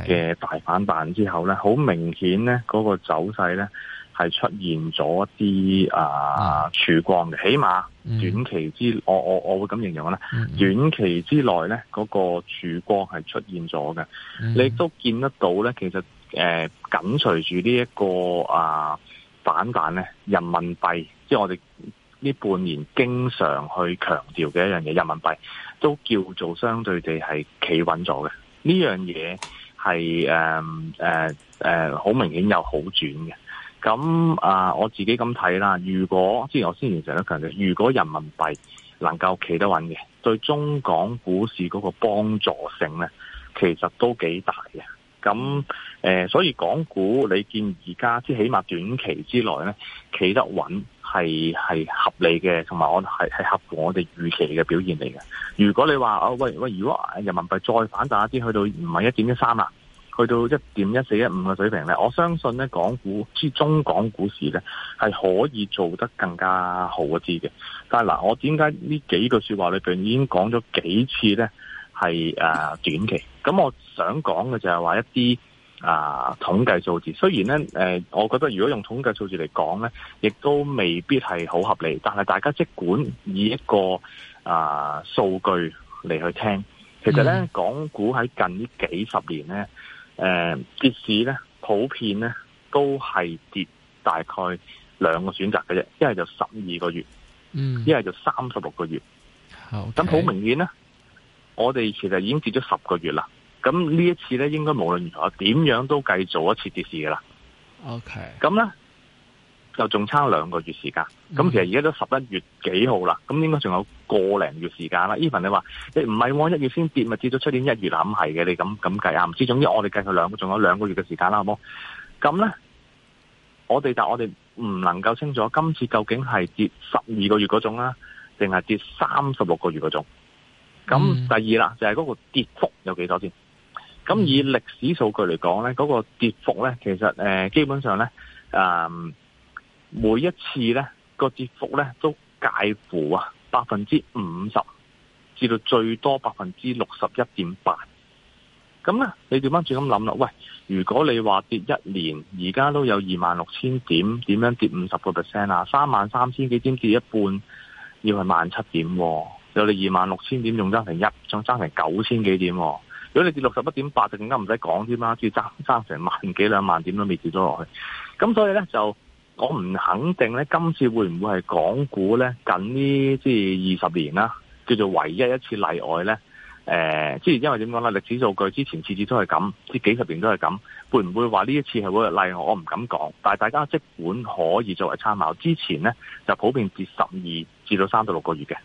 嘅大反彈之後咧，好明顯咧，嗰個走勢咧係出現咗啲啊曙光嘅。起碼短期之，嗯、我我我會咁形容啦、嗯。短期之內咧，嗰個曙光係出現咗嘅、嗯。你都見得到咧，其實誒緊隨住呢一個啊反彈咧，人民幣，即係我哋呢半年經常去強調嘅一樣嘢，人民幣都叫做相對地係企穩咗嘅呢樣嘢。係誒誒誒，呃呃呃、明顯好明顯有好轉嘅。咁啊、呃，我自己咁睇啦。如果之前我先完成咗強調，如果人民幣能夠企得穩嘅，對中港股市嗰個幫助性咧，其實都幾大嘅。咁誒、呃，所以港股你見而家即係起碼短期之內咧，企得穩。係係合理嘅，同埋我係係合乎我哋預期嘅表現嚟嘅。如果你話喂，喂，如果人民幣再反彈一啲，去到唔係一點一三啊，去到一點一四一五嘅水平咧，我相信咧港股之中港股市咧係可以做得更加好一啲嘅。但係嗱，我點解呢幾句說話裏邊已經講咗幾次咧係誒短期？咁我想講嘅就係話一啲。啊，統計數字雖然咧，誒、呃，我覺得如果用統計數字嚟講咧，亦都未必係好合理。但係大家即管以一個啊數據嚟去聽，其實咧、嗯，港股喺近呢幾十年咧，誒、呃，跌市咧，普遍咧都係跌大概兩個選擇嘅啫，一係就十二個月，嗯，一係就三十六個月。好，咁好明顯咧，我哋其實已經跌咗十個月啦。咁呢一次咧，應該無論如何點樣都計做一次跌市噶啦。OK，咁咧就仲差兩個月時間。咁、嗯、其實而家都十一月幾號啦，咁應該仲有個零月時間啦。Even 你話，你唔係往一月先跌，咪跌到出年一月啦？唔係嘅，你咁咁計啊？唔知總之，要我哋計佢兩個，仲有兩個月嘅時間啦，好冇？咁咧，我哋但我哋唔能夠清楚今次究竟係跌十二個月嗰種啊，定係跌三十六個月嗰種？咁、嗯、第二啦，就係、是、嗰個跌幅有幾多先？咁以歷史數據嚟講呢，嗰、嗰個跌幅呢,其實、呃、基本上呢，嗯、每一次呢、嗰個跌幅呢，都介乎啊百分之五十至到最多百分之六十一點八。咁呢，你調翻轉咁諗啦，喂，如果你話跌一年，而家都有二萬六千點，點樣跌五十個 percent 啊？三萬三千幾點跌一半，要係萬七點，啊，有你二萬六千點仲爭成一，仲爭成九千幾點？如果你跌六十一點八，就更加唔使講添啦，至爭爭成萬幾兩萬點都未跌咗落去，咁所以呢，就我唔肯定呢。今次會唔會係港股呢？近呢即係二十年啦，叫做唯一一次例外呢。呃、即係因為點講呢？歷史數據之前次次都係咁，至係幾十年都係咁，會唔會話呢一次係會例外？我唔敢講，但係大家即管可以作為參考。之前呢，就普遍跌十二至到三到六個月嘅。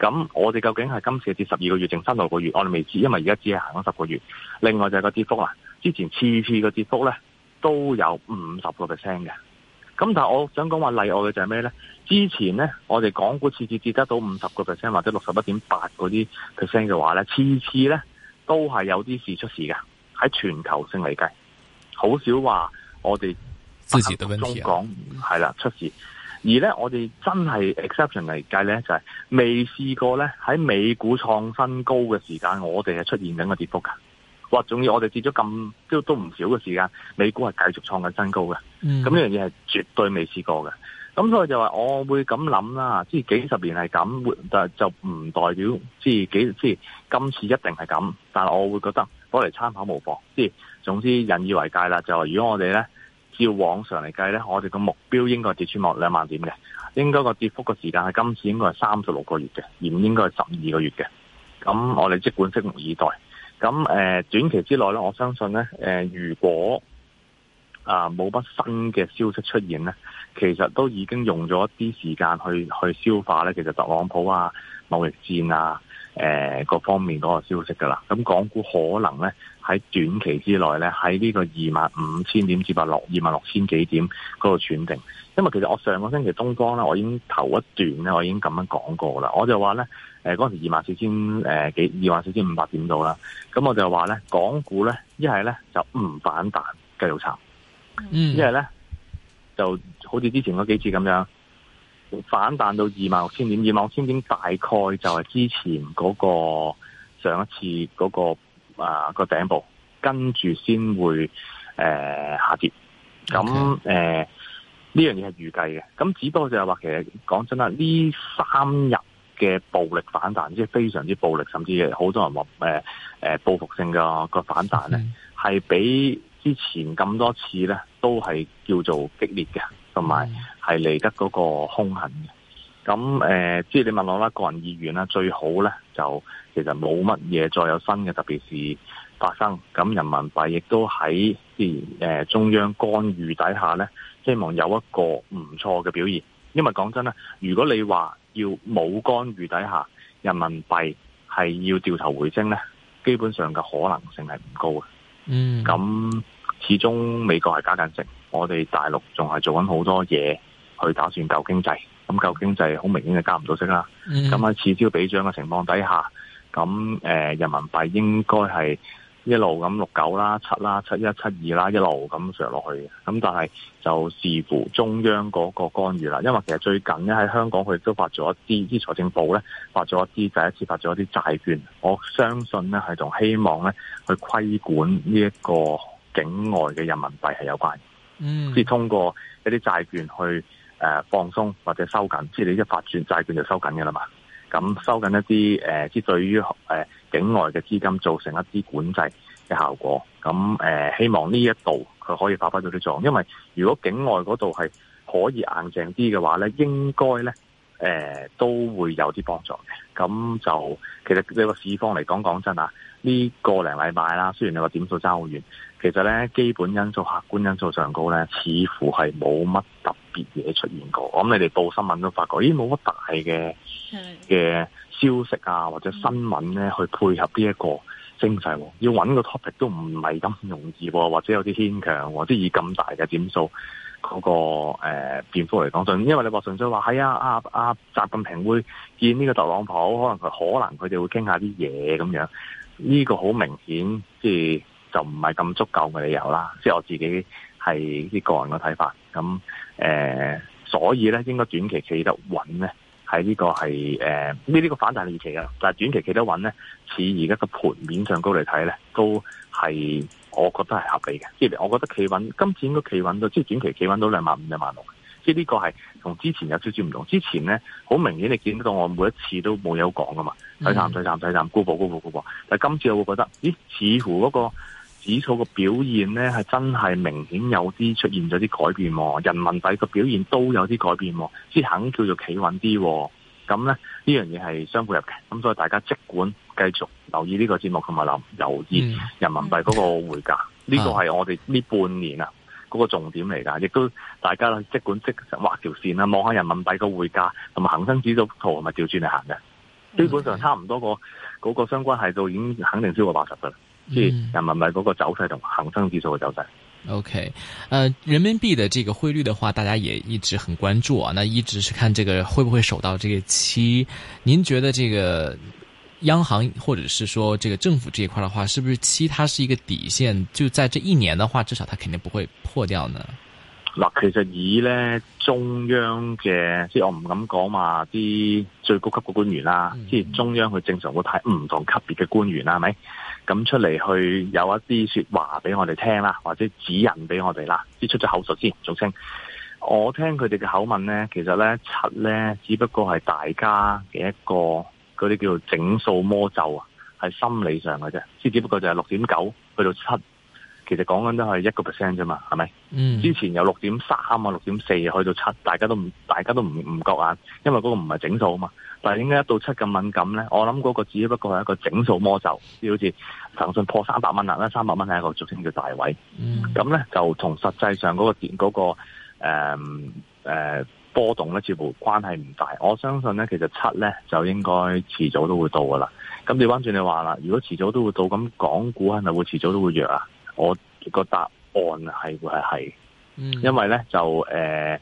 咁我哋究竟係今次跌十二個月定三十六個月？我哋未知，因為而家只係行咗十個月。另外就係個跌幅啦，之前次次個跌幅咧都有五十個 percent 嘅。咁但係我想講話例外嘅就係咩咧？之前咧我哋港股次次跌得到五十個 percent 或者六十一點八嗰啲 percent 嘅話咧，次次咧都係有啲事出事嘅，喺全球性嚟計，好少話我哋集中講係啦出事。而咧，我哋真係 exception 嚟計咧，就係未試過咧，喺美股創新高嘅時間，我哋係出現緊個跌幅噶。話仲要我哋跌咗咁都都唔少嘅時間，美股係繼續創緊新高嘅。咁呢樣嘢係絕對未試過嘅。咁所以就話我會咁諗啦，即係幾十年係咁，就唔代表即係幾即係今次一定係咁。但係我會覺得攞嚟參考無妨。即係總之引以為戒啦。就話如果我哋咧。照往常嚟計呢，我哋嘅目標應該跌穿落兩萬點嘅，應該個跌幅嘅時間係今次應該係三十六個月嘅，而唔應該係十二個月嘅。咁我哋即管拭目以待。咁誒、呃、短期之內呢，我相信呢，呃、如果啊冇乜新嘅消息出現呢，其實都已經用咗一啲時間去去消化呢。其實特朗普啊、貿易戰啊、誒、呃、各方面嗰個消息㗎喇。咁港股可能呢。喺短期之內咧，喺呢個二萬五千點至百六、二萬六千幾點嗰度選定。因為其實我上個星期東方咧，我已經頭一段咧，我已經咁樣講過啦。我就話咧，誒嗰時二萬四千誒幾二萬四千五百點度啦。咁我就話咧，港股咧一係咧就唔反彈，繼續插；一係咧就好似之前嗰幾次咁樣，反彈到二萬六千點，二萬六千點大概就係之前嗰個上一次嗰個。啊個頂部跟住先會誒、呃、下跌，咁誒呢樣嘢係預計嘅。咁只不過就係話，其實講真啦，呢三日嘅暴力反彈，即係非常之暴力，甚至好多人話誒誒報復性嘅個反彈咧，係，okay. 比之前咁多次咧都係叫做激烈嘅，同埋係嚟得嗰個兇狠嘅。咁誒，即、呃、係你問我啦，個人意願啦，最好咧就其實冇乜嘢再有新嘅特別事發生。咁人民幣亦都喺誒、呃、中央干預底下咧，希望有一個唔錯嘅表現。因為講真啦，如果你話要冇干預底下，人民幣係要掉頭回升咧，基本上嘅可能性係唔高嘅。嗯，咁始終美國係加緊息，我哋大陸仲係做緊好多嘢。去打算救經濟，咁救經濟好明顯就加唔到息啦。咁喺此消彼長嘅情況底下，咁誒、呃、人民幣應該係一路咁六九啦、七啦、七一、七二啦，一路咁上落去嘅。咁但係就視乎中央嗰個干預啦。因為其實最近呢喺香港佢都發咗一啲，啲財政部呢發咗一啲，第一次發咗一啲債券。我相信呢係同希望呢去規管呢一個境外嘅人民幣係有關嘅、mm-hmm. 即係通過一啲債券去。誒、啊、放鬆或者收緊，即係你一發轉債券就收緊嘅啦嘛。咁收緊一啲誒，之、呃、對於誒、呃、境外嘅資金造成一啲管制嘅效果。咁誒、呃、希望呢一度佢可以發揮到啲作用，因為如果境外嗰度係可以硬淨啲嘅話咧，應該咧誒、呃、都會有啲幫助嘅。咁就其實呢個市況嚟講，講真啊，呢、個零禮拜啦，雖然你話點數爭好遠。其實咧，基本因素、客觀因素上高咧，似乎係冇乜特別嘢出現過。咁你哋報新聞都發覺，咦，冇乜大嘅嘅消息啊，或者新聞咧，嗯、去配合呢一個升勢啊。要揾個 topic 都唔係咁容易，啊，或者有啲牽強。即係以咁大嘅點數嗰、嗰個誒變幅嚟講，就、呃，因為你話純粹話係啊啊啊，啊啊、習近平會見呢個特朗普，可能佢可能佢哋會傾下啲嘢咁樣。呢個好明顯，即係。就唔係咁足夠嘅理由啦，即係我自己係呢個人嘅睇法。咁誒、呃，所以咧應該短期企得穩咧，喺呢個係誒呢呢個反彈期啊。但係短期企得穩咧，似而家個盤面上高嚟睇咧，都係我覺得係合理嘅。即係我覺得企穩，今次應該企穩到，即係短期企穩到兩萬五、兩萬六。即係呢個係同之前有少少唔同。之前咧好明顯你見得到我每一次都冇有講㗎嘛，睇淡、睇淡睇淡，高保高保高保。但係今次我會覺得，咦，似乎嗰個。指數個表現咧係真係明顯有啲出現咗啲改變，人民幣個表現都有啲改變，先肯叫做企穩啲。咁咧呢樣嘢係相輔入嘅。咁所以大家即管繼續留意呢個節目，同埋留意人民幣嗰個匯價。呢個係我哋呢半年啊嗰、嗰個重點嚟㗎，亦都大家即管即劃條線啦，望下人民幣個匯價同埋恒生指數圖係咪調轉嚟行嘅？基本上差唔多、那個。嗰、那個相關係都已經肯定超過八十分啦，即係人民幣嗰個走勢同恒生指數嘅走勢。嗯、o、okay. K，呃人民幣的這個匯率的話，大家也一直很關注啊。那一直是看這個會不會守到這個七？您覺得這個央行或者是說這個政府這一塊的話，是不是七它是一個底線？就在這一年的話，至少它肯定不會破掉呢？嗱，其實以咧中央嘅，即係我唔敢講嘛，啲最高級嘅官員啦，即係中央佢正常會睇唔同級別嘅官員啦，係咪？咁出嚟去有一啲說話俾我哋聽啦，或者指引俾我哋啦，即係出咗口術先。總稱我聽佢哋嘅口吻咧，其實咧七咧只不過係大家嘅一個嗰啲叫做整數魔咒啊，係心理上嘅啫，即係只不過就係六點九去到七。其實講緊都係一個 percent 啫嘛，係咪、嗯？之前由六點三啊，六點四去到七，大家都唔大家都唔唔覺眼，因為嗰個唔係整數啊嘛。但係點解一到七咁敏感咧？我諗嗰個只不過係一個整數魔咒，即好似騰訊破三百蚊啦，三百蚊係一個俗稱叫大位。咁、嗯、咧就同實際上嗰、嗰個點、嗰個誒誒、嗯呃、波動咧似乎關係唔大。我相信咧，其實七咧就應該遲早都會到噶啦。咁你翻轉你話啦，如果遲早都會到，咁港股係咪會遲早都會弱啊？我個答案係會係係，因為咧就誒、呃、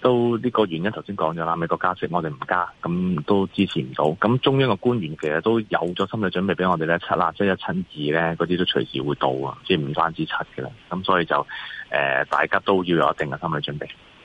都呢個原因，頭先講咗啦，美國加息我哋唔加，咁都支持唔到。咁中央嘅官員其實都有咗心理準備俾我哋咧，七啊即係七二咧，嗰啲都隨時會到啊，即係唔單止七嘅啦。咁所以就誒、呃，大家都要有一定嘅心理準備。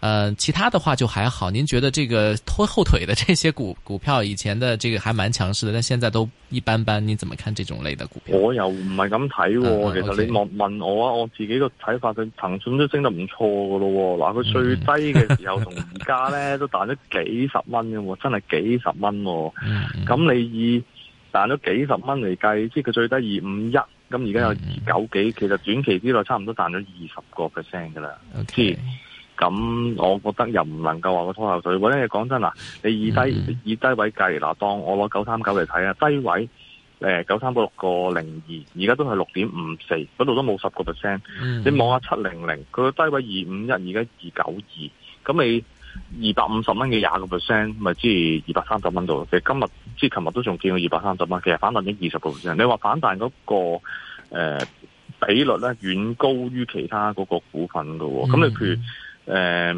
呃，其他的話就還好，您覺得這個拖後腿的這些股股票，以前的這個還蠻強勢的，但現在都一般般，你怎麼看這種類的股票？我又唔係咁睇，uh, okay. 其實你莫問我啊，我自己個睇法，佢騰訊都升得唔錯噶咯、哦。嗱，佢最低嘅時候同而家呢，都彈咗幾十蚊嘅，真係幾十蚊、哦。咁、mm-hmm. 你以彈咗幾十蚊嚟計，即係佢最低二五一，咁而家有二九幾，其實短期之內差唔多彈咗二十個 percent 噶啦。O K。咁，我覺得又唔能夠話個拖後腿。或者講真啊，你以低、嗯、以低位計，嗱，當我攞九三九嚟睇啊，低位誒九三六個零二，而、呃、家都係六點五四，嗰度都冇十個 percent。你望下七零零，佢個低位二五一，而家二九二，咁你二百五十蚊嘅廿個 percent，咪即係二百三十蚊度。其實今日即係琴日都仲見到二百三十蚊，其實反彈咗二十個 percent。你話反彈嗰個比率咧，遠高於其他嗰個股份嘅喎。咁你譬如。嗯嗯誒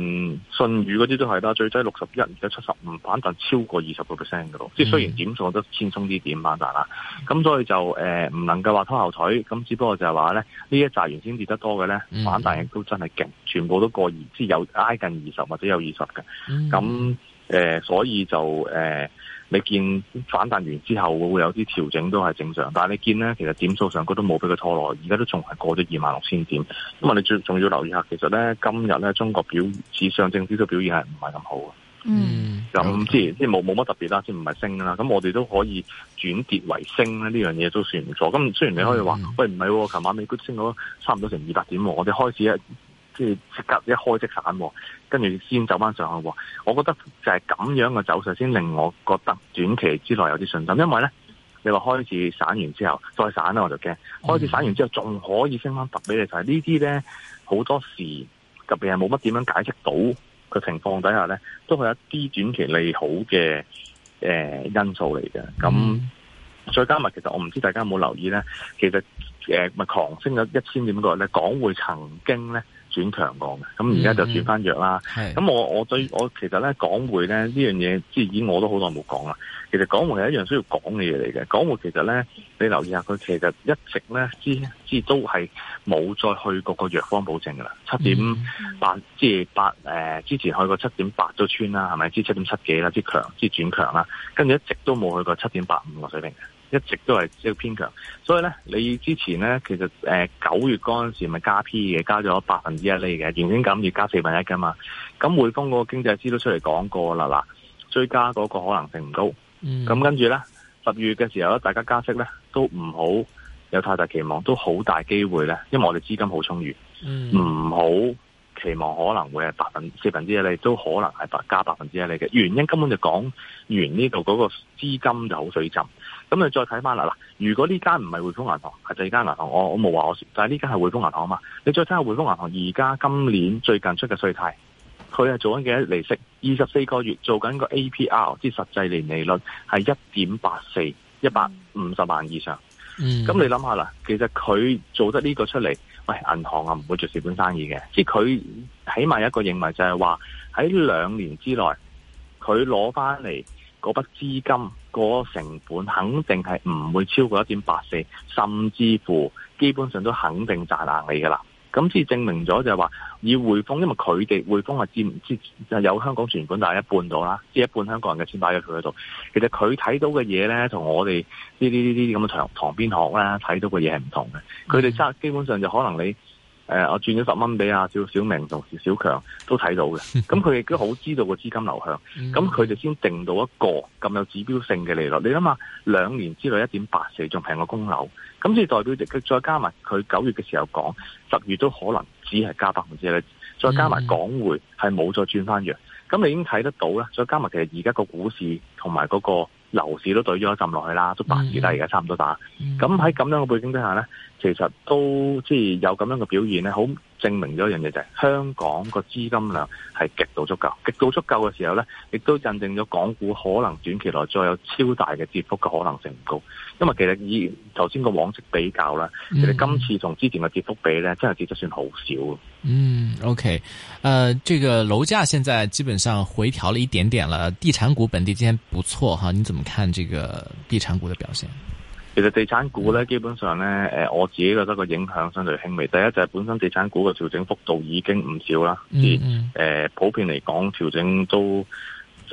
信譽嗰啲都係啦，最低六十一，而家七十五反彈超過二十個 percent 嘅咯。即係雖然點數都輕鬆啲點反彈啦，咁、嗯、所以就誒唔、呃、能夠話拖後腿，咁只不過就係話咧呢一扎原先跌得多嘅咧，反彈亦都真係勁，全部都過二，即係有挨近二十或者有二十嘅，咁誒、呃、所以就誒。呃你見反彈完之後會有啲調整都係正常，但係你見咧，其實點數上佢都冇俾佢拖落，而家都仲係過咗二萬六千點。咁啊，你仲仲要留意下，其實咧今日咧中國表指上證指數表現係唔係咁好啊？嗯，咁即係即係冇冇乜特別啦，即唔係升啦。咁我哋都可以轉跌為升咧，呢樣嘢都算唔錯。咁雖然你可以話、嗯，喂唔係，琴晚美股升咗差唔多成二百點，我哋開始即係即刻一開即散，跟住先走翻上去。我覺得就係咁樣嘅走勢，先令我覺得短期之內有啲信心。因為咧，你話開始散完之後再散咧，我就驚；開始散完之後仲可以升翻，特俾你睇。就是、呢啲咧，好多時特別係冇乜點樣解釋到嘅情況底下咧，都係一啲短期利好嘅誒、呃、因素嚟嘅。咁再、嗯、加埋，其實我唔知大家有冇留意咧，其實誒咪、呃、狂升咗一千點個咧，港匯曾經咧。轉強降嘅，咁而家就轉翻弱啦。咁、嗯、我我對我其實咧港匯咧呢樣嘢，即係已經我都好耐冇講啦。其實港匯係一樣需要講嘅嘢嚟嘅。港匯其實咧，你留意下佢其實一直咧之之都係冇再去過個弱方保證噶啦。七點八，即係八誒，之前去過七點八都穿啦，係咪？之七點七幾啦，之強之轉強啦，跟住一直都冇去過七點八五個水平嘅。一直都係即偏強，所以咧，你之前咧，其實誒九、呃、月嗰陣時咪加 P 嘅，加咗百分之一厘嘅，原先咁要加四分一噶嘛。咁匯豐嗰個經濟師都出嚟講過了啦，嗱追加嗰個可能性唔高。咁、嗯、跟住咧，十月嘅時候咧，大家加息咧都唔好有太大期望，都好大機會咧，因為我哋資金好充裕，唔、嗯、好期望可能會係百分四分之一厘，都可能係百加百分之一厘嘅原因，根本就講完呢度嗰個資金就好水浸。咁你再睇翻啦嗱，如果呢間唔係匯豐銀行，係第二間銀行，我我冇話我，但係呢間係匯豐銀行啊嘛。你再睇下匯豐銀行而家今年最近出嘅稅貸，佢係做緊幾多利息？二十四個月做緊個 APR，即係實際年利率係一點八四，一百五十萬以上。咁、嗯、你諗下啦，其實佢做得呢個出嚟，喂，銀行啊唔會做蝕本生意嘅，即係佢起碼一個認為就係話喺兩年之內，佢攞翻嚟嗰筆資金。個成本肯定係唔會超過一點八四，甚至乎基本上都肯定賺硬你㗎啦。咁先證明咗就係話，以匯豐，因為佢哋匯豐係佔有香港存款大一半到啦，佔一半香港人嘅錢擺咗佢喺度。其實佢睇到嘅嘢呢，同我哋呢啲呢啲咁嘅塘邊鶴啦，睇到嘅嘢係唔同嘅。佢哋真係基本上就可能你。誒，我轉咗十蚊俾阿趙小明同趙小強都睇到嘅，咁佢亦都好知道個資金流向，咁佢哋先定到一個咁有指標性嘅利率。你諗下，兩年之內一點八四仲平過供樓，咁即係代表佢再加埋佢九月嘅時候講十月都可能只係加百分之，再加埋港匯係冇再轉翻揚，咁 你已經睇得到啦。再加埋其實而家個股市同埋嗰個樓市都對咗一陣落去啦，都八月啦，而家差唔多打。咁喺咁樣嘅背景底下呢。其實都即係有咁樣嘅表現咧，好證明咗一樣嘢就係、是、香港個資金量係極度足夠，極度足夠嘅時候咧，亦都印證咗港股可能短期內再有超大嘅跌幅嘅可能性唔高，因為其實以頭先個往昔比較啦，其實今次同之前嘅跌幅比咧，真係跌得算好少。嗯，OK，誒、呃，呢個樓價現在基本上回調了一點點啦，地產股本地今天不錯哈，你怎麼看這個地產股嘅表現？其實地產股咧，基本上咧，誒，我自己覺得個影響相對輕微。第一就係本身地產股嘅調整幅度已經唔少啦，而誒、呃，普遍嚟講調整都。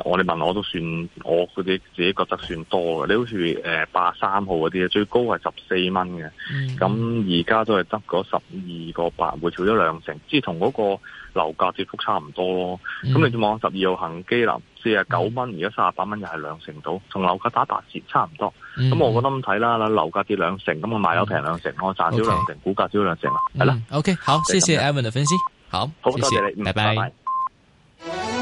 我哋問我都算我嗰啲自己覺得算多嘅，你好似誒八三號嗰啲啊，最高係十四蚊嘅，咁而家都係得嗰十二個八，會跳咗兩成，即係同嗰個樓價跌幅差唔多咯。咁、嗯、你望十二號恆基啦，四啊九蚊，而家三十八蚊，又係兩成到，同樓價打八折差唔多。咁、嗯、我覺得咁睇啦，樓價跌兩成，咁我賣樓平兩成，我賺少兩成，股、嗯 okay，價少兩成啦，係、嗯 okay, 啦。OK，好，謝謝 Evan 嘅分析，好，謝謝好多謝，謝你，拜拜。Bye bye。